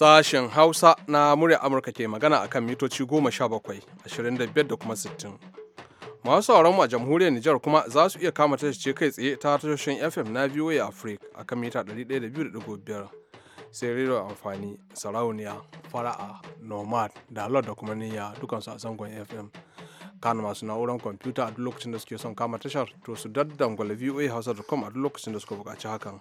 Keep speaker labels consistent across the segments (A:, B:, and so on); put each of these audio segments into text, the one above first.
A: Sashen Hausa na murya Amurka ke magana akan mitoci 17, 25 da kuma 60. Masu sauran mu a jamhuriyar Nijar kuma za su iya kama tashoce kai tsaye ta tashoshin FM na VOA Africa akan mita 102.5 sai rero amfani sarauniya fara'a nomad da da kuma niyya dukansu a zangon FM. kan masu na'urar kwamfuta a duk lokacin da suke son kama tashar to su daddangwale voa hausa.com a duk lokacin da suka bukaci hakan.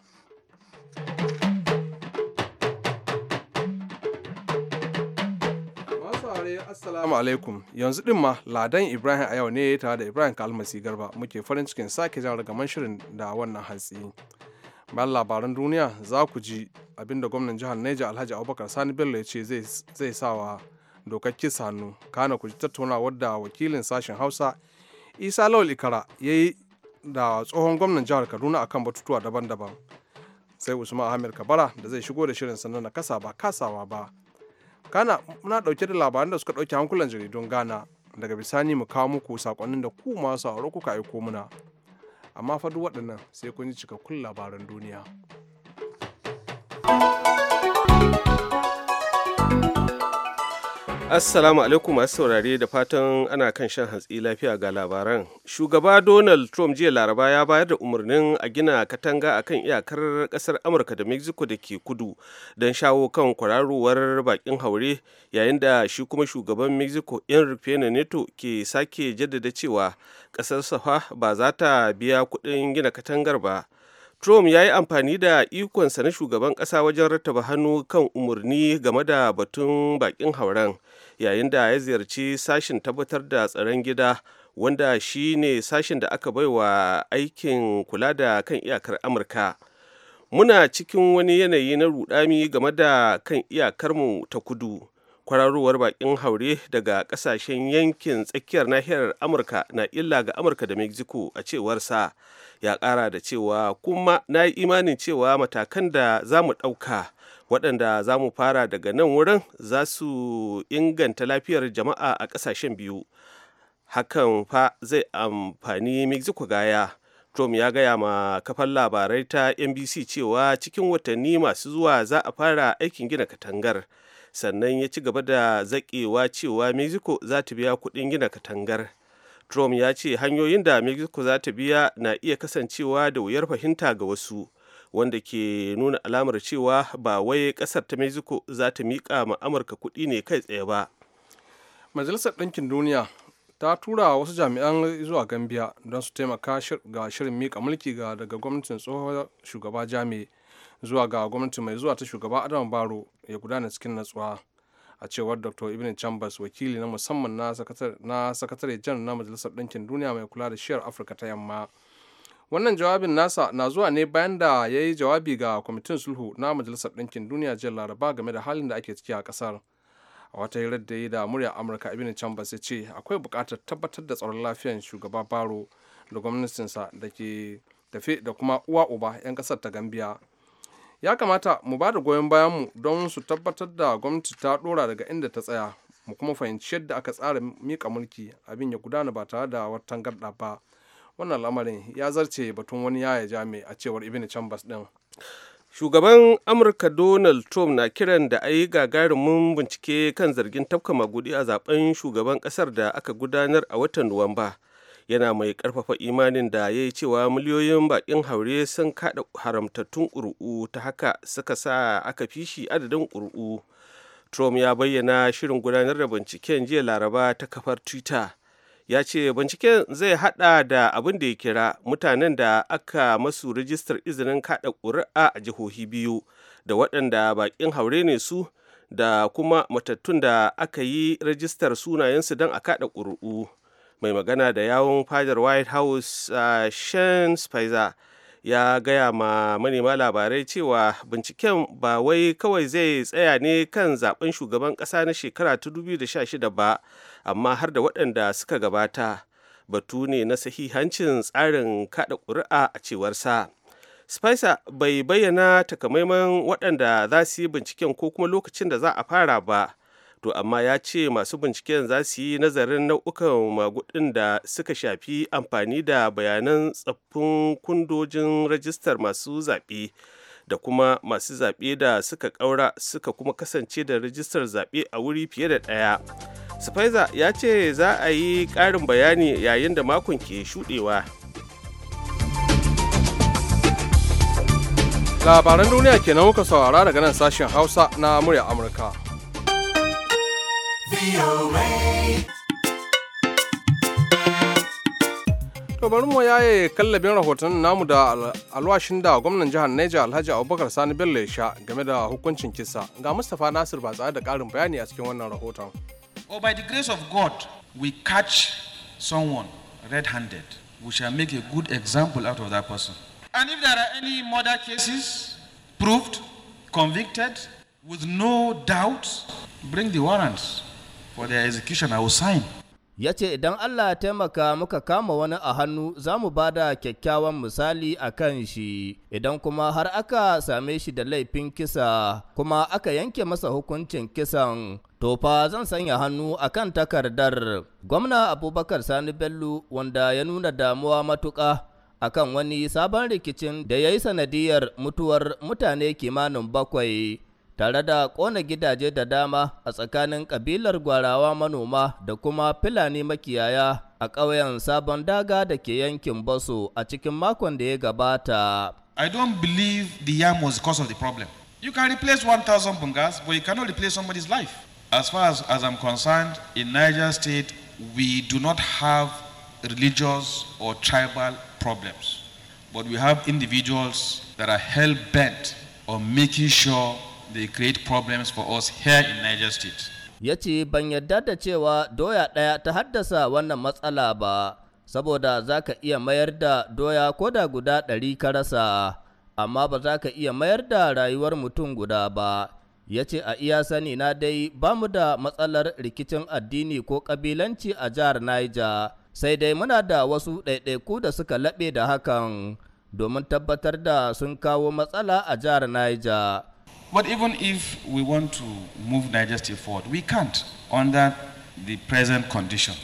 A: saurare assalamu alaikum yanzu din ma ladan ibrahim a yau ne tare da ibrahim kalmasi garba muke farin cikin sake jan ragaman shirin da wannan hantsi bayan labaran duniya za ku ji abinda gwamnan jihar neja alhaji abubakar sani bello ya ce zai sawa dokar kisa hannu kana ku ji tattaunawar da wakilin sashen hausa isa lawal ikara ya yi da tsohon gwamnan jihar kaduna akan batutuwa daban-daban sai usman ahmed kabara da zai shigo da shirin sannan na kasa ba kasawa ba kana muna ɗauke da labaran da suka ɗauke hankulan jaridun gana daga bisani mu kawo muku sakonnin da ku masu sauraro kuka aiko muna amma fa duk waɗannan sai kun ji cikakkun labaran duniya thank Assalamu
B: alaikum masu saurare da fatan ana kan shan hantsi lafiya ga labaran. Shugaba Donald Trump jiya Laraba ya bayar da umarnin a gina katanga a kan iyakar kasar Amurka da Mexico da ke kudu don shawo kan kwararowar bakin haure yayin da shi kuma shugaban Mexico Enrique Pena Neto ke sake jaddada cewa kasar safa ba za ta biya kuɗin gina katangar ba Trump ya yi amfani da ikonsa na shugaban ƙasa wajen rattaba hannu kan umarni game da batun bakin hauren yayin da ya ziyarci sashen tabbatar da tsaron gida wanda shi ne sashen da aka baiwa aikin kula da kan iyakar Amurka. Muna cikin wani yanayi na rudami game da kan iyakarmu ta kudu. kwararowar bakin haure daga kasashen yankin tsakiyar nahiyar amurka na illa ga amurka da mexico a cewar sa ya kara da cewa kuma na yi imanin cewa matakan da za mu ɗauka waɗanda za mu fara daga nan wurin za su inganta lafiyar jama'a a ƙasashen biyu hakan fa zai amfani mexico gaya Trump ya gaya ma kafar labarai ta NBC cewa cikin watanni masu zuwa za a fara aikin gina katangar. sannan ya ci gaba da zaƙewa cewa mexico za ta biya kuɗin gina katangar trump ya ce hanyoyin da mexico za ta biya na iya kasancewa da wuyar fahimta ga wasu wanda ke nuna alamar cewa ba wai ƙasar ta mexico za ta miƙa ma amurka kuɗi ne kai tsaye ba
A: majalisar ɗinkin duniya ta tura wasu jami'an zuwa gambia don su taimaka ga shirin miƙa mulki ga daga gwamnatin tsohon shugaba jami'a. zuwa ga gwamnati mai zuwa ta shugaba adam baro ya gudana cikin natsuwa a cewar dr ibn chambers wakili na musamman na sakatare jan na majalisar ɗinkin duniya mai kula da shiyar afirka ta yamma wannan jawabin nasa na zuwa ne bayan da ya yi jawabi ga kwamitin sulhu na majalisar ɗinkin duniya jiya laraba game da halin da ake ciki a kasar a wata hirar da yi da murya amurka ibn chambers ya ce akwai buƙatar tabbatar da tsaron lafiyar shugaba baro da gwamnatinsa da ke tafi da kuma uwa uba 'yan ƙasar ta gambiya ya kamata mu ba da goyon bayanmu don su tabbatar da gwamnati ta dora daga inda ta tsaya mu kuma fahimci yadda aka tsara mika mulki abin ya gudana ba tare da wata tangarda ba wannan lamarin ya zarce batun wani yaya jami a cewar ibn chambers din shugaban
B: amurka donald trump na kiran da a yi gagarumin bincike kan zargin tafka magudi a zaben shugaban kasar da aka gudanar a watan nuwamba yana mai karfafa imanin da ya yi cewa miliyoyin bakin haure sun kada haramtattun ƙuri'u ta haka suka sa aka fi shi adadin ƙuri'u trump ya bayyana shirin gudanar da binciken jiya laraba ta kafar twitter ya ce binciken zai hada da abin da ya kira mutanen da aka masu rijistar izinin kada ƙuri'a a jihohi biyu da waɗanda bakin haure ne su da kuma matattun da aka yi rajistar sunayensu don a kada ƙuri'u mai magana da yawon fadar white house uh, shan spicer ya gaya ma manema labarai cewa binciken ba wai kawai zai tsaya ne kan zaben shugaban kasa na shekara ta 2016 ba amma har da waɗanda suka gabata batu ne na sahihancin tsarin kaɗa ƙuri'a a cewarsa spicer bai bayyana takamaiman waɗanda za su yi binciken ko kuma lokacin da za a fara ba to amma ya ce masu binciken za su yi nazarin nau'ukan magudin da suka shafi amfani da bayanan tsaffin kundojin rajistar masu zaɓe da kuma masu zaɓe da suka ƙaura suka kuma kasance da rajistar zaɓe a wuri fiye da ɗaya Spicer ya ce za a yi ƙarin bayani yayin da makon ke shuɗewa
A: labaran duniya kenan kuka saurara daga nan sashen hausa na murya amurka To bari mu yaye kallabin rahoton namu da alwashin da gwamnan jihar Neja Alhaji Abubakar Sani Bello ya sha game da hukuncin kisa. Ga Mustapha Nasir ba tsaya da karin bayani a cikin wannan rahoton.
B: Or oh, by the grace of God, we catch someone red-handed. We shall make a good example out of that person. And if there are any murder cases proved, convicted, with no doubt, bring the warrants. for their
C: execution, I will sign. Ya ce idan Allah taimaka muka kama wani a hannu za mu ba da kyakkyawan misali a kan shi, idan kuma har aka same shi da laifin kisa kuma aka yanke masa hukuncin kisan To fa zan sanya hannu a kan takardar gwamna Abubakar Sani Bello wanda ya nuna damuwa matuka a kan wani sabon rikicin da ya yi sanadiyar mutuwar mutane kimanin bakwai tare da kona gidaje da dama a tsakanin ƙabilar gwarawa manoma da kuma Fulani makiyaya a ƙauyen Sabon Daga da ke yankin Baso a cikin makon da ya gabata.
D: I don't believe the yam was the cause of the problem.
C: You can replace 1,000 bungas, but you cannot replace somebody's life.
B: As far as, as I'm concerned, in Niger State, we do not have religious or tribal problems, but we have individuals that are hell bent on making sure they create problems for us here in Niger State.
C: Ya ce ban yarda da cewa doya ɗaya ta haddasa wannan matsala ba, saboda zaka iya mayar da doya ko da guda ɗari ka rasa, amma ba za ka iya mayar da rayuwar mutum guda ba. Ya a iya sani na dai ba mu da matsalar rikicin addini ko ƙabilanci a jihar Niger, sai dai muna da wasu ɗaiɗaiku da suka laɓe da hakan domin tabbatar da sun kawo matsala a jihar Niger.
B: But even if we want to move State forward, we can't under the present condition.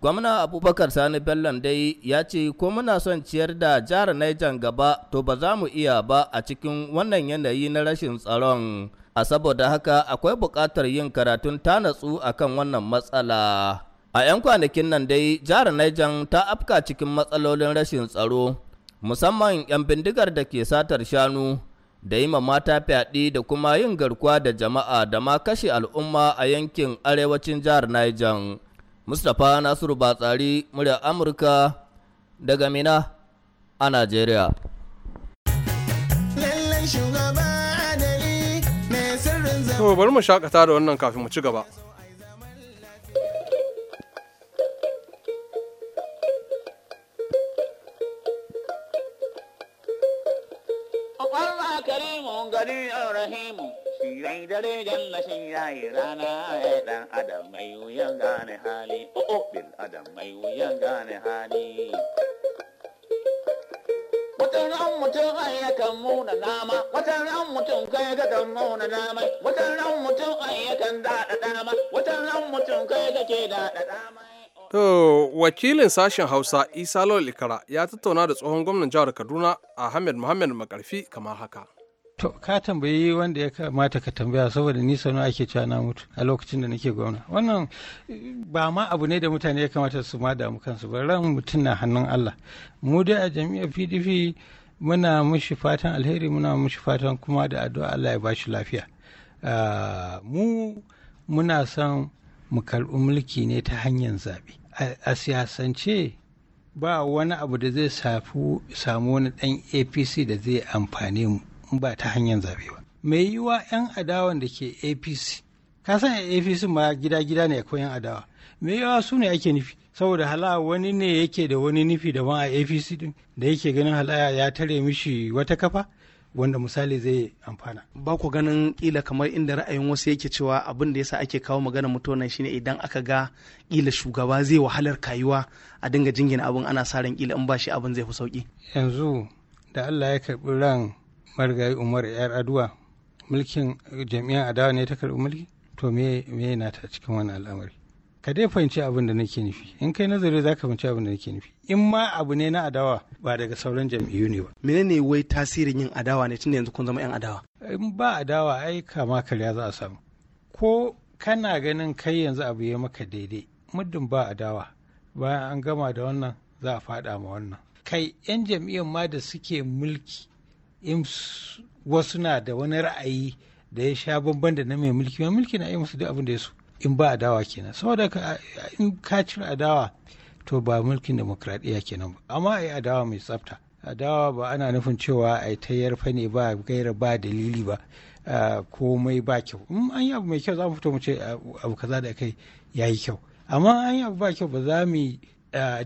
C: Gwamna Abubakar Sani Bello dai ya ce ko muna son ciyar da jihar Niger gaba to ba za mu iya ba a cikin wannan yanayi na rashin tsaron. A saboda haka akwai buƙatar yin karatun ta natsu akan wannan matsala. A 'yan kwanakin nan dai jihar Niger ta afka cikin matsalolin rashin tsaro musamman 'yan bindigar da ke satar shanu da yi mata fyaɗe da kuma yin garkuwa da jama'a da ma kashe al'umma a yankin arewacin jihar Niger. Mustapha Nasiru Batsari, murya Amurka daga Mina a Najeriya.
A: To bari mu shakata da wannan kafin mu ci gaba.
E: karimu gari
B: rahimu shirai dare janna shirai rana ya e dan adam mai wuyan gane hali o'o oh, oh, bil adam mai wuyan gane hali
E: watan ran mutum ai yakan muna nama watan ran mutum kai
D: ga kan muna nama watan ran mutum ai yakan daɗa dama watan ran mutum kai ga ke daɗa dama
A: To wakilin sashen Hausa Isa Lawal Ikara ya tattauna da tsohon gwamnan jihar Kaduna Ahmed Muhammad Makarfi kamar haka. To ka tambayi
F: wanda ya kamata ka tambaya saboda ni sanu ake cewa na mutu a lokacin da nake gwamna. Wannan ba ma abu ne da mutane ya kamata su ma damu kansu ba ran mutum na hannun Allah. Mu dai a jami'ar PDP muna mushi fatan alheri muna mushi fatan kuma da addu'a Allah ya ba shi lafiya. Ah, mu muna son mu karɓi mulki ne ta hanyar zaɓe. a siyasance ba wani abu da zai samu wani ɗan apc da zai amfani mu ba ta hanyar zaɓe ba mai yiwa 'yan adawan da ke apc ka san apc ma gida-gida ne ko 'yan adawa mai yawa su ne ake nufi saboda hala wani ne yake da wani nufi daban a apc din da yake ganin hala ya tare mishi wata kafa wanda misali zai amfana ba ku ganin ƙila kamar inda ra'ayin wasu yake cewa abin da yasa ake kawo magana mutuwa nan shine idan aka ga ƙila shugaba zai wahalar kayuwa a dinga jingina abin ana sa ran ƙila in ba shi abin zai fi sauƙi. yanzu da Allah ya karɓi ran marigayi Umar yar Aduwa mulkin jami'an adawa ne ta karɓi mulki to me me na ta cikin wani al'amari ka dai fahimci abin da nake nufi in kai nazari za ka fahimci abin da nake nufi in ma abu ne na adawa ba daga sauran jam'iyyu ne ba menene wai tasirin yin adawa ne tunda yanzu kun zama yan adawa in ba adawa ai kama karya za a samu ko kana ganin kai yanzu abu ya maka daidai muddin ba adawa bayan an gama da wannan za a fada ma wannan kai yan jam'iyyar ma da suke mulki in wasu na da wani ra'ayi da ya sha bamban da na mai mulki mai mulki na yi musu duk abin da ya so in ba adawa kenan saboda in ka cire adawa to ba mulkin demokradiyya kenan ba amma a yi adawa mai tsafta adawa ba ana nufin cewa a ta yarfa ne ba gaira ba dalili ba komai ba kyau in an yi abu mai kyau za mu fito mu ce abu kaza da kai ya yi kyau amma an yi abu ba kyau ba za mu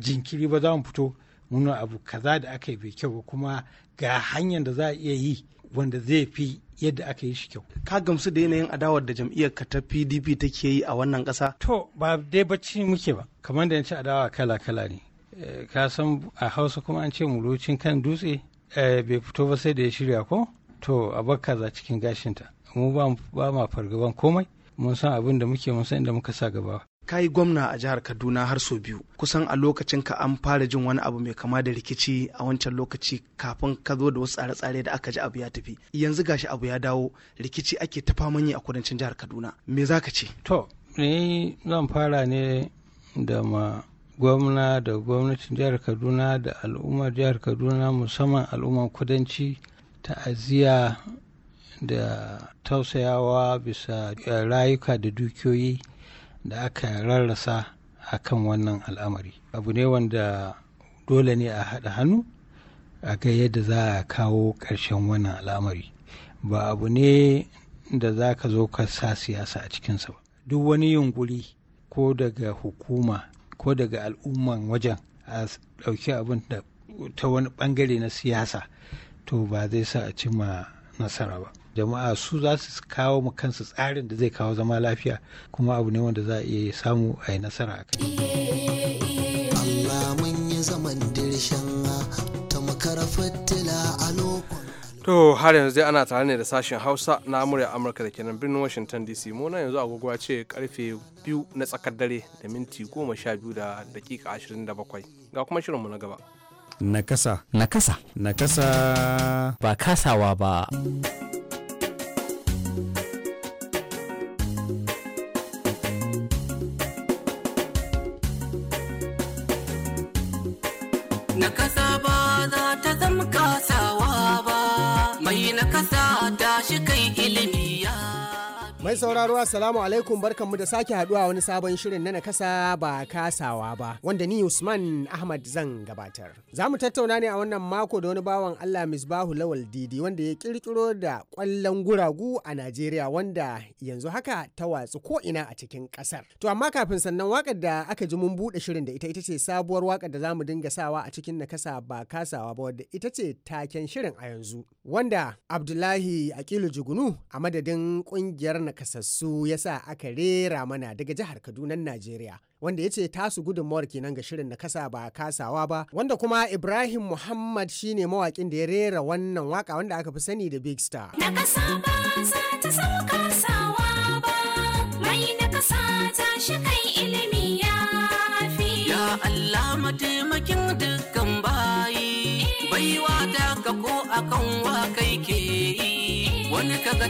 F: jinkiri ba za mu fito muna abu kaza da aka yi bai kyau ba kuma ga hanyar da za a iya yi wanda zai fi yadda aka yi shi kyau. Ka gamsu da yanayin adawar da jam'iyyar ka ta PDP take yi a wannan ƙasa? To ba dai bacci muke ba kamar da ce adawa kala-kala ne. Eh, ka san a Hausa kuma an ce mu mulocin kan dutse eh, bai fito ba sai da ya shirya ko? To a za cikin gashinta. Mu ba ma fargaban komai mun san abin da muke mun san inda muka sa gaba. ka yi gwamna a jihar kaduna har sau biyu kusan a lokacin ka an fara jin wani abu mai kama da rikici a wancan lokaci kafin ka zo da wasu tsare-tsare da aka ji abu ya tafi yanzu gashi abu ya dawo rikici ake ta faman yi a kudancin jihar kaduna me za ka ce to ni zan fara ne da ma gwamna da gwamnatin jihar kaduna da al'ummar jihar kaduna musamman al'ummar kudanci ta'aziyya da tausayawa bisa rayuka da dukiyoyi da aka rarrasa a kan wannan al'amari abu ne wanda dole ne a haɗa hannu a ga yadda za a kawo ƙarshen wannan al'amari ba abu ne da za ka zo ka sa siyasa a cikinsa ba duk wani yunkuri ko daga hukuma ko daga al'umman wajen a ɗauki abin da ta wani ɓangare na siyasa to ba zai sa a cima nasara ba jama'a su za su kawo mu kansu tsarin da zai kawo zama lafiya kuma abu ne wanda za a iya samu
A: a yi nasara a kai. To har yanzu dai ana tare ne da sashen Hausa na murya Amurka da kenan birnin Washington DC. Muna yanzu agogo ce karfe biyu na tsakar dare da minti goma sha biyu da dakika ashirin da bakwai. Ga kuma shirinmu na gaba.
G: Nakasa. Nakasa. Nakasa. Ba kasawa ba. Mai sauraro assalamu alaikum mu da sake haduwa wani sabon shirin na nakasa ba kasawa ba wanda ni Usman Ahmad zan gabatar. Za mu tattauna ne a wannan mako da wani bawan Allah Misbahu Lawal Didi wanda ya kirkiro da kwallon guragu a Najeriya wanda yanzu haka ta watsu ko ina a cikin kasar. To amma kafin sannan wakar da aka ji mun bude shirin da ita ita ce sabuwar wakar da zamu dinga sawa a cikin nakasa ba kasawa ba wadda ita ce taken shirin a yanzu wanda Abdullahi Akilu Jugunu a madadin kungiyar nakasa nakasassu ya sa aka rera mana daga jihar Kaduna Najeriya wanda ya ce tasu gudunmawar kenan ga shirin na kasa ba kasawa ba wanda kuma Ibrahim Muhammad shine mawakin da ya rera wannan waka wanda aka fi sani da Big Star. nakasa ba
H: za ta sauka sawa ba mai nakasa ta shi kai ilimi.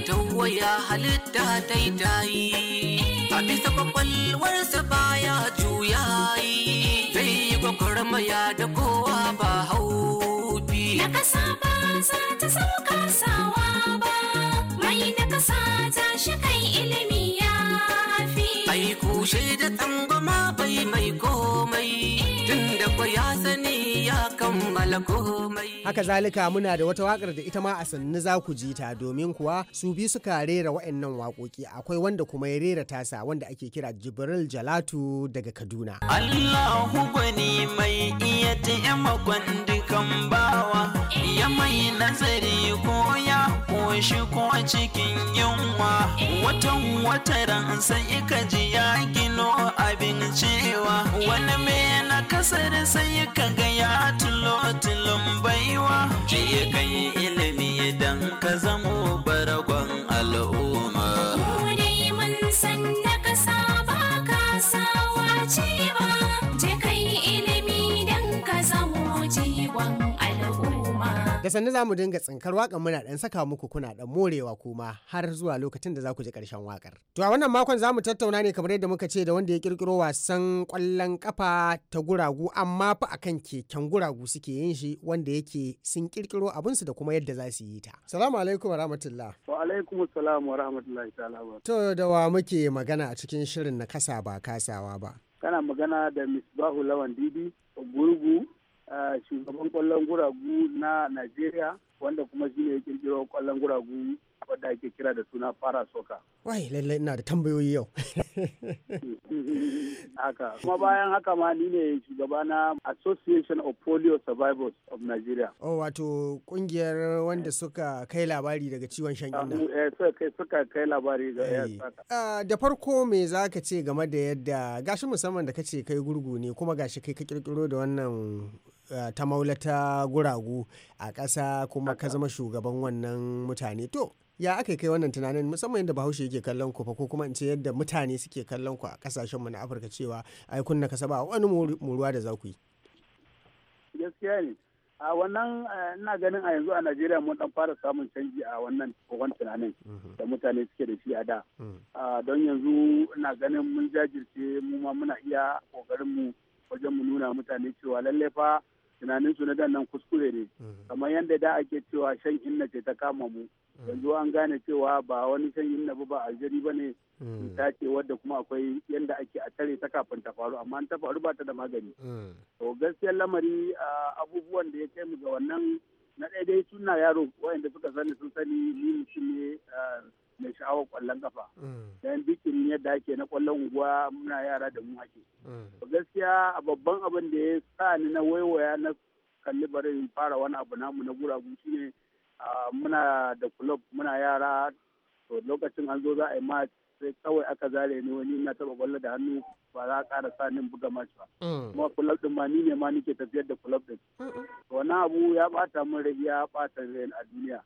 C: Tauwa ya halitta ta yi tayi a bisa kwakwalwarsa
H: baya juyayi zai yi maya da kowa ba haufi na kasa ba za ta sauka sawa ba mai na kasa za shi kai ilimi ya fi ai kushe da ma bai mai
G: komai tun da ya sani ya kammala komai haka zalika muna da wata wakar da ita ma a sannu za ku ji ta domin kuwa su biyu suka rera wa'annan waƙoƙi akwai wanda kuma ya rera tasa wanda ake kira jibril jalatu daga kaduna allahu Bani mai iya taimakon kwandukan
D: bawa ya mai nazari ko ya koshi ko cikin yunwa watan wataran sai ka ji ya gino abin cewa wani mai na kasar sai ka ga ya tulo rayuwa
F: shi ilimi dan ka zamo baragon
C: al'umma
G: Da sannu za mu dinga tsinkar waƙar muna ɗan saka muku kuna ɗan morewa kuma har zuwa lokacin da za ku ji ƙarshen waƙar. To a wannan makon za mu tattauna ne kamar yadda muka ce da wanda ya ƙirƙiro wasan ƙwallon kafa ta guragu amma fa akan keken guragu suke yin shi wanda yake sun ƙirƙiro abinsu da kuma yadda za su yi ta. Salamu alaikum wa rahmatullah.
E: Wa alaikum salam wa rahmatullahi ta'ala.
G: To da wa muke magana a cikin shirin na kasa ba kasawa ba.
E: Kana magana da Miss Bahu Lawan Didi, Gurgu, shugaban kwallon guragu na Najeriya wanda kuma shi ne ya kirkiro kwallon guragu wadda ake kira da suna fara soka.
G: Wai lallai ina da tambayoyi yau.
E: Haka kuma bayan haka ma ni ne shugaba na Association of Polio Survivors of Nigeria.
G: Oh wato kungiyar wanda suka kai labari daga ciwon shan inna.
E: Eh, suka kai labari ga eh.
G: ah, Da farko me za ka ce game da yadda gashi musamman da kace kai gurgu ne kuma gashi kai ka kirkiro da wannan ta maulata guragu a ƙasa kuma ka zama shugaban wannan mutane to ya aka kai wannan tunanin musamman yadda bahaushe yake kallon ku fa ko kuma in ce yadda mutane suke kallon ku a kasashen mu na afirka cewa ai kun na saba wani muruwa da za ku yi
E: gaskiya ne a wannan ina ganin a yanzu a najeriya mun dan fara samun canji a wannan kogon tunanin mhm. da mutane suke da shi a da mhm. don yanzu ina ganin mun jajirce mu ma muna iya kokarin mu wajen mu nuna mutane cewa lallai fa tunanin su na dan nan kuskure ne mm. kamar yadda da ake cewa shan inna ce ta kama mu mm. yanzu an gane cewa ba wani shan inna ba ba aljari ba ne mm. cuta ce wadda kuma akwai yadda ake a tare ta kafin ta faru amma ta faru ba ta da magani to gaskiyar lamari abubuwan da ya kai mu ga wannan na dai-dai suna yaro wayanda suka sani sun sani ni mutum ne mai sha'awar kwallon kafa mm. dan bikin yadda ake na kwallon unguwa muna yara da mu ake mm. gaskiya a babban abin da ya sa ni na waiwaya na kalli barin fara wani abu namu na guragu shine muna da kulob muna yara to lokacin an zo za a yi match sai kawai aka zare ni wani na taba kwallo da hannu ba za a ƙara sa nin buga match ba
H: mm. kuma kulob
E: din ma ni ne ma nike tafiyar da kulob din wannan abu ya bata min rai ya bata rai a duniya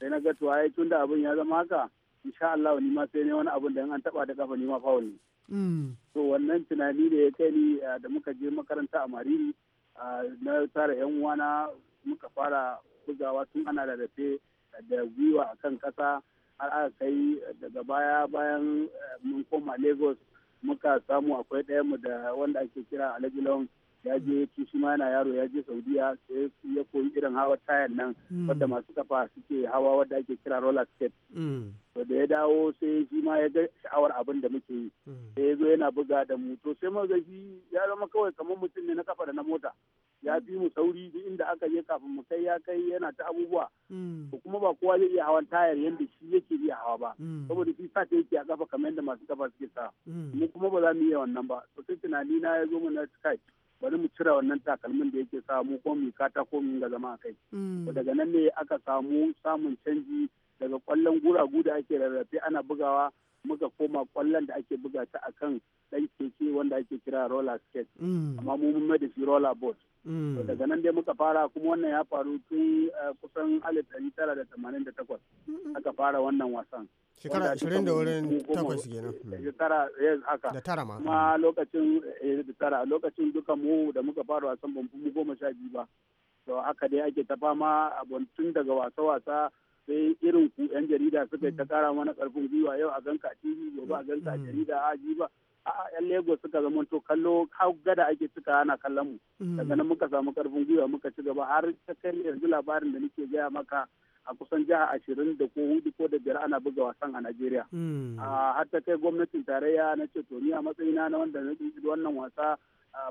E: sai na ga tuwaye tunda abin ya zama haka insha Allah ni ma sai ne wani abun da an taba da kafa ni ma fawo ne to mm. wannan tunani da ya kai ni da muka je makaranta a Mariri na tara yan uwana muka fara bugawa tun ana da da gwiwa a kan kasa har aka kai daga baya bayan eh, mun koma Lagos muka samu akwai ɗayan mu da wanda ake kira Alhaji Long ya je ci shi ma yana yaro ya je saudiya sai ya koyi irin hawa tayan nan mm. wadda masu kafa suke hawa wadda ake kira roller skate mm. to da ya dawo sai shi ma ya ga sha'awar abin da muke yi mm. sai ya zo yana buga da mu to sai maza shi ya zama kawai kamar mutum ne na kafa da na mota ya fi mu sauri duk inda aka je kafin mu kai ya kai yana ta abubuwa to kuma ba kowa zai iya hawan tayar yadda shi yake iya hawa ba saboda shi sa yake a kafa kamar yadda masu kafa suke sa mu kuma ba za mu iya wannan ba to sai tunani na ya zo mu na skype bari mu cire wannan takalmin da yake samu ko mu kata ko mu zama a kai
H: mm. daga
E: nan ne aka samu samun canji daga kwallon guragu da ake rarrafe ana bugawa muka koma kwallon da ake buga ta akan dan keke wanda ake kira roller skate mm. amma mu mun da shi roller board
H: mm. daga nan
E: dai muka fara kuma wannan ya faru tun eh, kusan alif ɗari tara da tamanin da takwas aka fara wannan wasan shekara ashirin da wurin takwas kenan shekara mm. haka
G: da tara ma kuma
E: lokacin eh, da tara lokacin duka mu da muka fara wasan ban mu goma sha biyu ba to haka dai ake ta fama tun daga wasa-wasa sai irin ku yan jarida suka yi ta mm. kara mana karfin gwiwa yau a ganka tv gobe a ganka mm. jarida a ji ba a yan lagos suka zama to kallo hau gada ake cika ana kallon mu
H: mm. daga nan muka
E: samu karfin gwiwa muka ci gaba har ta kai yanzu labarin da nake gaya maka a kusan jiha ashirin da ko hudu ko da biyar ana buga wasan a Najeriya. Har ta kai gwamnatin tarayya na ce to ni a matsayina na wanda na wannan wasa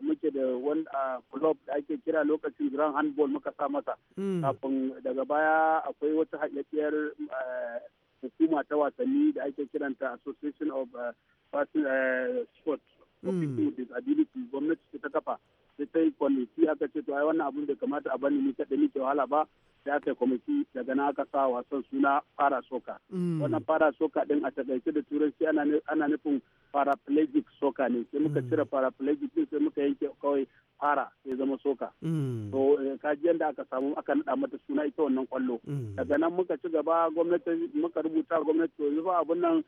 E: muke da wani club da ake kira lokacin grand handball muka sa masa hmm. kafin daga baya akwai wata haɗaɗɗiyar eh, hukuma ta wasanni da ake kiranta association of eh, eh, sports hmm. of people with disability gwamnati ta kafa sai ta yi kwamiti aka ce to ai wannan abun da kamata a bani ni kaɗai nike wahala ba sai aka yi kwamiti daga na aka sa wasan suna fara soka mm. wannan fara soka din a takaice da turanci ana nufin paraplegic soka ne sai muka mm. cire paraplegic din sai muka yanke kawai fara sai zama soka
H: mm. to
E: eh, kajiyar da aka samu aka naɗa mata suna ita wannan kwallo daga nan muka ci gaba gwamnati muka rubuta gwamnati to yanzu abun nan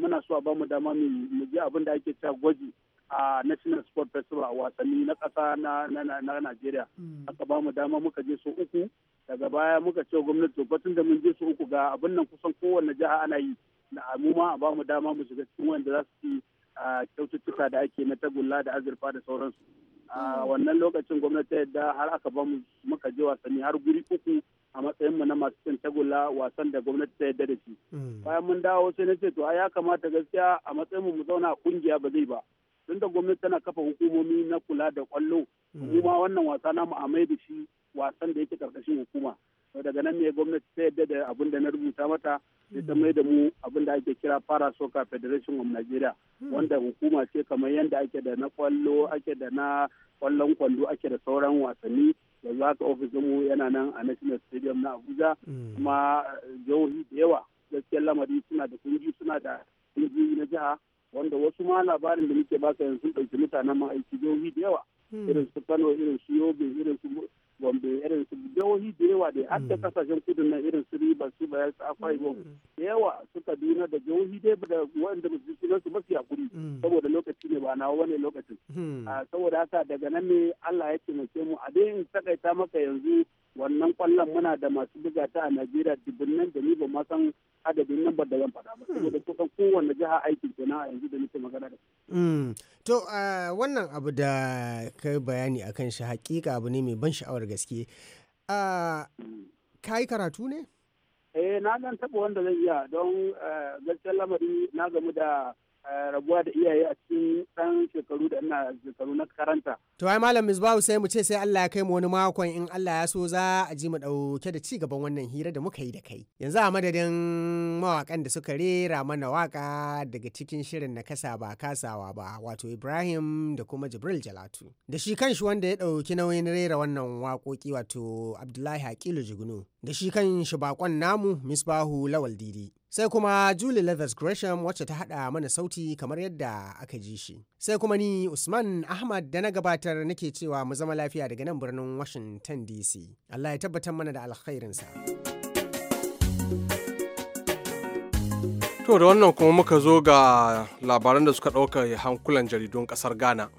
E: muna so a bamu dama mu je abin da ake cewa gwaji a national sport festival a wasanni na ƙasa na najeriya hmm. aka ba mu dama muka je su uku daga baya muka ce gwamnati batun da mun je su uku ga abin nan kusan kowanne jiha ana yi na amuma a ba mu dama mu shiga cikin wanda za su ci kyaututtuka da ake na tagulla da azurfa da sauransu a hmm. wannan lokacin gwamnati yadda har aka ba mu muka je wasanni har guri uku a matsayin mu na masu cin tagulla wasan da gwamnati ta yadda da shi hmm. bayan mun dawo sai na ce to ya kamata gaskiya a matsayin mu mu zauna kungiya ba zai ba tun da gwamnati tana kafa hukumomi na kula da kwallo mm. mu ma wannan wasa namu a mai da shi wasan da yake karkashin hukuma to daga nan ne gwamnati ta yadda da abin da na rubuta mata sai ta mm. mai da mu abin da ake kira para soccer federation of nigeria mm. wanda hukuma ce kamar yadda ake da na kwallo ake da na kwallon kwando ake da sauran wasanni yanzu haka ofisin mu yana nan a national stadium na abuja kuma eh, jihohi da yawa gaskiyar lamari suna da kungi suna da kungiyoyi na jiha wanda wasu ma labarin da muke baka yanzu sun ɗauki mutanen ma aiki jihohi da yawa hmm. irin su kano irin su yobe irin su gombe irin su jihohi da yawa da har da hmm. kasashen kudu na irin su riba su bayan su akwai hmm. da yawa su kaduna da jihohi yawa da wanda musu sunan su mafi hakuri saboda lokaci ne ba nawa wani lokacin ah, saboda haka daga nan ne allah ya taimake mu a dai in takaita maka yanzu wannan kwallon muna da masu buga ta a najeriya dubunnan da ni ba ma san adadin nan da zan faɗa ba hmm. saboda kusan kowanne jiha aikin kenan a yanzu da nake magana da
G: hmm. to uh, wannan abu da kai bayani akan shi hakika abu ne mai ban sha'awar gaske uh, ka yi karatu ne
E: eh na dan taɓa wanda zan iya don uh, gaskiyar lamari na gamu da Eh, rabuwa da iyaye a cikin ɗan shekaru da ina shekaru na karanta.
G: To ai Malam Misbahu sai mu ce sai Allah ya kai mu wani makon in Allah ya so za a ji mu ɗauke da ci gaban wannan hira da muka yi da kai. Yanzu a madadin mawakan da suka rera mana waka daga cikin shirin na kasa ba kasawa ba wato Ibrahim da kuma Jibril Jalatu. Da shi kan shi wanda ya ɗauki nauyin rera wannan waƙoƙi wato Abdullahi Hakilu Jigunu. Da shi kan shi baƙon namu Misbahu Lawal Didi. sai kuma Julie Leathers Gresham wacce ta hada mana sauti kamar yadda aka ji shi. Sai kuma ni Usman Ahmad da na gabatar nake cewa mu zama lafiya daga nan birnin Washington DC. Allah ya tabbatar mana da alkhairinsa.
A: To da wannan kuma muka zo ga labaran da suka ɗauka hankulan jaridun ƙasar Ghana.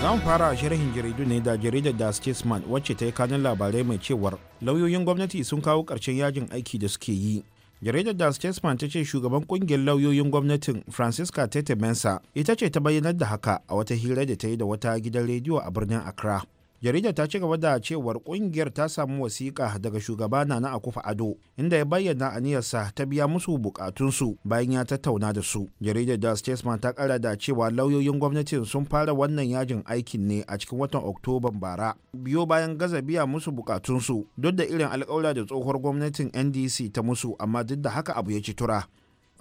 D: za mu fara sharhin jaridu ne da jaridar da statesman wacce ta yi kanin labarai mai cewar lauyoyin gwamnati sun kawo ƙarshen yajin aiki da suke yi jaridar da statesman ta ce shugaban kungiyar lauyoyin gwamnatin francisca tete mensa ita ce ta bayyanar da haka a wata hira da ta yi da wata gidan rediyo a birnin accra jaridar ta ci gaba da cewar kungiyar ta samu wasiƙa daga shugaba na na akufa ado inda ya bayyana aniyarsa ta biya musu bukatunsu bayan ya tattauna da su jaridar da statesman ta kara da cewa lauyoyin gwamnatin sun fara wannan yajin aikin ne a cikin watan oktoban bara biyo bayan gaza biya musu bukatunsu duk da irin alƙawla da tsohuwar gwamnatin ndc ta musu amma duk da haka abu ya ci tura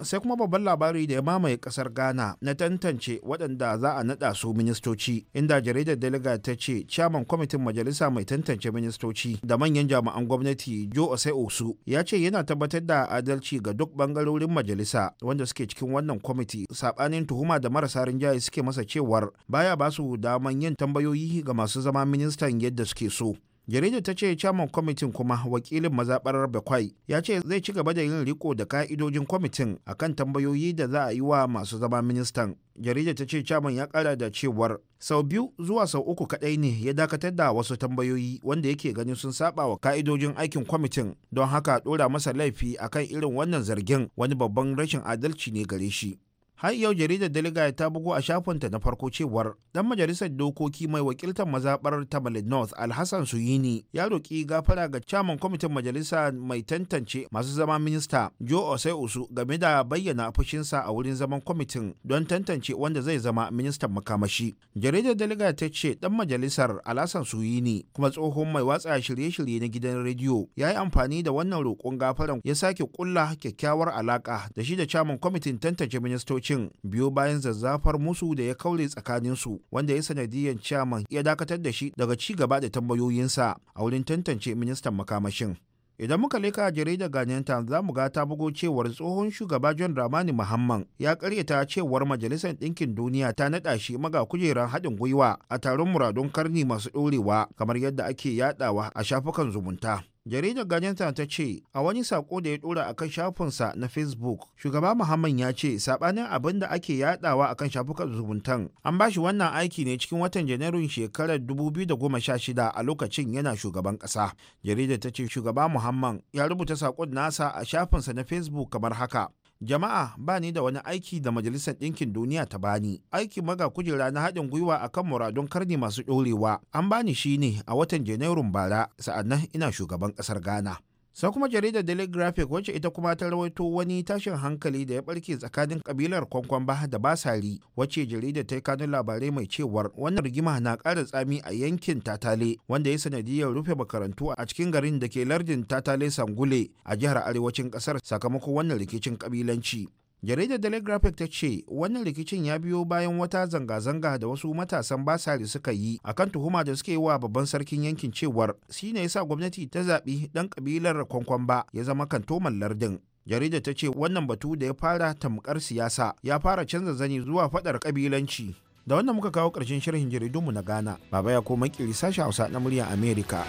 D: sai kuma babban labari da ya mamaye kasar ghana na tantance waɗanda za a naɗa su ministoci inda jaridar delegate ta ce chairman kwamitin majalisa mai tantance ministoci da manyan jami'an gwamnati joe osei osu ya ce yana tabbatar da adalci ga duk bangarorin majalisa wanda suke cikin wannan kwamiti saɓanin tuhuma da marasa rinjaye suke masa cewar baya basu su daman yin tambayoyi ga masu zama ministan yadda suke so jaridar ta ce chairman kwamitin kuma wakilin mazaɓarar bakwai ya ce zai ci gaba da yin riko da ka'idojin kwamitin a kan tambayoyi da za a yi wa masu zama ministan jaridar ta ce chairman ya kara da cewar sau biyu zuwa sau uku kadai ne ya dakatar da wasu tambayoyi wanda yake ganin sun saba wa ka'idojin aikin kwamitin don haka ɗora masa laifi akan irin wannan zargin wani babban rashin adalci ne gare shi har yau jaridar daliga ta bugo a shafinta na farko cewar dan majalisar dokoki mai wakiltar mazabar tamale north alhassan suyini ya roki gafara ga chairman kwamitin majalisa mai tantance masu zama minista joe osai usu game da bayyana fushinsa a wurin zaman kwamitin don tantance wanda zai zama ministan makamashi jaridar delegate ta ce dan majalisar alhassan suyini kuma tsohon mai watsa shirye-shirye na gidan rediyo ya yi amfani da wannan roƙon gafaran ya sake kulla kyakkyawar alaƙa da shi da chairman kwamitin tantance ministoci lokacin biyo bayan zazzafar musu da ya kaure tsakaninsu wanda ya sanadiyar chairman ya dakatar da shi daga ci gaba da tambayoyinsa a wurin tantance ministan makamashin. Idan muka leka jaridar Ghanaian ganyanta za mu ga ta bugo cewar tsohon shugaba John ramani Mahamman ya karyata cewar Majalisar Ɗinkin Duniya ta naɗa shi maga kujeran haɗin gwiwa a taron muradun karni masu ɗorewa kamar yadda ake yaɗawa a shafukan zumunta. jaridar guardian ta ce a wani sako da ya dora a kan shafinsa na facebook shugaba muhammad ya ce sabanin abin da ake yadawa a kan shafukan zumuntan an ba shi wannan aiki ne cikin watan janairun shekarar 2016 a lokacin yana shugaban kasa jaridar ta ce shugaba muhammad ya rubuta saƙon nasa a shafinsa na facebook kamar haka jama'a ba ni da wani aiki da majalisar ɗinkin duniya ta bani Aikin maga kujera na haɗin gwiwa a kan muradun karni masu ɗorewa an bani shi ne a watan janairun bara sa'annan ina shugaban ƙasar ghana sai kuma jaridar daily graphic wacce ita kuma ta rawaito wani tashin hankali da ya barke tsakanin kabilar kwankwan baha da basari wacce jaridar ta kano labarai mai cewar wannan rigima na ƙara tsami a yankin tatale wanda ya sanadiyar rufe makarantu a cikin garin da ke lardin tatale sangule a jihar arewacin ƙasar sakamakon wannan rikicin kabilanci jaridar daily graphic ta ce wannan rikicin ya biyo bayan wata zanga-zanga da wasu matasan basari suka yi a kan tuhuma da suke wa babban sarkin yankin cewar shi ne sa gwamnati ta zaɓi ɗan ƙabilar kwankwamba ya zama kantoman lardin jaridar ta ce wannan batu da ya fara tamkar siyasa ya fara canza zani zuwa faɗar ƙabilanci da wannan muka kawo ƙarshen sharhin jaridunmu na ghana baba ya koma kiri sashi hausa na muryar america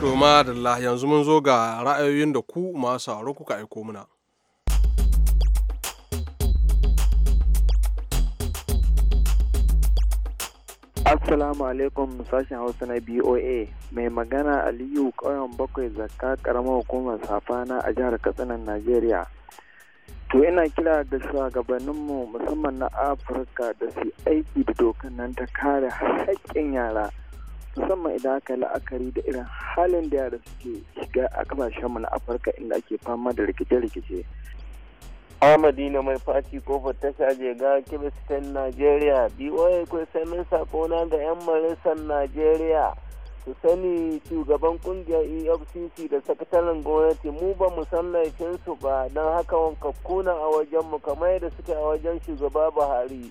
A: to yanzu mun zo ga ra'ayoyin da ku masu kuka aiko muna
E: Assalamu alaikum sashen Hausa na BOA mai magana Aliyu ƙauyen bakwai zakka ƙaramar hukumar safana a jihar katsinan Najeriya. To ina kira ga shugabanninmu musamman na Afirka da su aiki da dokan nan ta kare haƙƙin yara musamman idan aka la'akari da irin halin da yara suke shiga a ƙasashenmu na Afirka inda ake fama da rikice-rikice. amadi na mai faci kofar tasha ga kiristan najeriya biyoyi kai sanin sakona ga 'yan marisan najeriya su sani shugaban kungiyar efcc da sakataren gwamnati mu ba mu san laifinsu ba don haka kuna a wajenmu kamar yadda suke a wajen shugaba buhari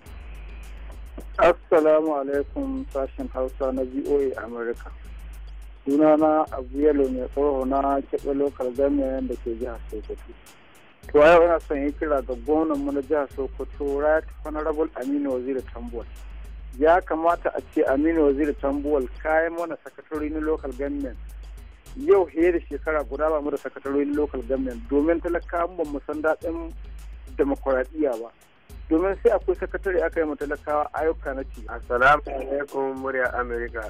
E: assalamu alaikum sashen hausa na voa amurka sunana abu yalo mai tsoro na keɓe lokal zamiyar da ke ji a sokoto to yau yana son ya kira ga gwamnan mu na jihar sokoto right honorable aminu waziri tambuwal ya kamata a ce aminu waziri tambuwal kayan mana sakatari na local government yau fiye da shekara guda ba mu da sakatori na local government domin mu ba mu san daɗin demokuraɗiyya ba domin sai akwai sakatare aka yi talakawa ayyuka na ci. Assalamu alaikum murya Amerika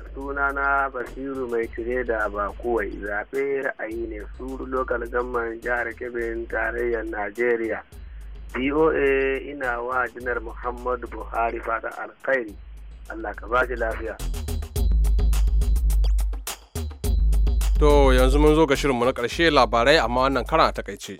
E: na Basiru mai cire da ba kowai zaɓe ra'ayi ne suru lokal gamman jihar Kebbi tarayyar Najeriya. DOA ina wa jinar Muhammadu Buhari fata alkhairi Allah ka ba lafiya.
A: To yanzu mun zo ga shirinmu na ƙarshe labarai amma wannan karan a takaice.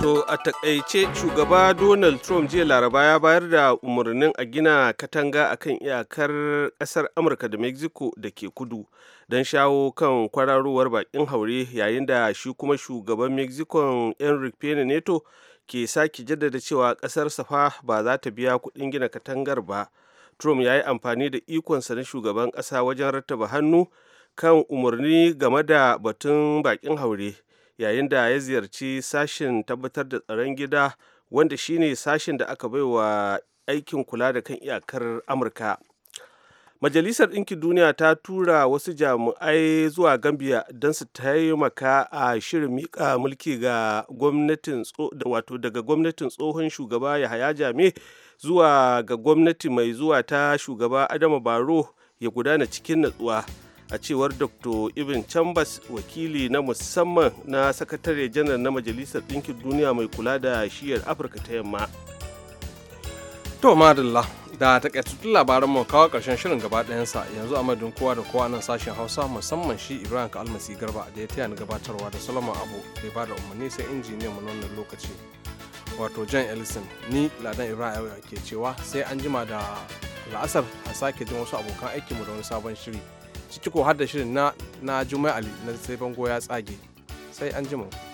A: To a takaice shugaba
B: Donald Trump jiya laraba ya bayar da umarnin a gina katanga a kan iyakar kasar Amurka da Mexico da ke kudu don shawo kan kwararowar bakin haure yayin da shi kuma shugaban Mexico Enrique Pena Neto ke sake jaddada cewa kasar safa ba za ta biya kudin gina katangar ba. Trump ya yi amfani da ikonsa na shugaban kasa wajen rattaba hannu kan umarni game da batun bakin haure. yayin da ya ziyarci sashen tabbatar da tsaron gida wanda shine sashen da aka baiwa aikin kula da kan iyakar amurka majalisar ɗinkin duniya ta tura wasu jami'ai zuwa gambia don su taimaka a shirin miƙa mulki ga gwamnatin wato daga gwamnatin tsohon shugaba yahaya jami zuwa ga gwamnati mai zuwa ta shugaba adama baro ya gudana cikin natsuwa a cewar dr ibn chambers wakili na musamman na sakatare janar na majalisar ɗinkin duniya mai kula da shiyar afirka ta
A: yamma to madalla da takaitattun labaran mu kawo karshen shirin gaba ɗayansa yanzu a madadin kowa da kowa nan sashen hausa musamman shi ibrahim almasi garba da ya taya ni gabatarwa da solomon abu da ba da umarni sai injiniyan mu wannan lokaci wato john ellison ni ladan ibrahim ke cewa sai an jima da la'asar a sake jin wasu abokan aikinmu da wani sabon shiri ciki ko har da shirin na na Jummai na sai bango ya tsage sai an ji mu.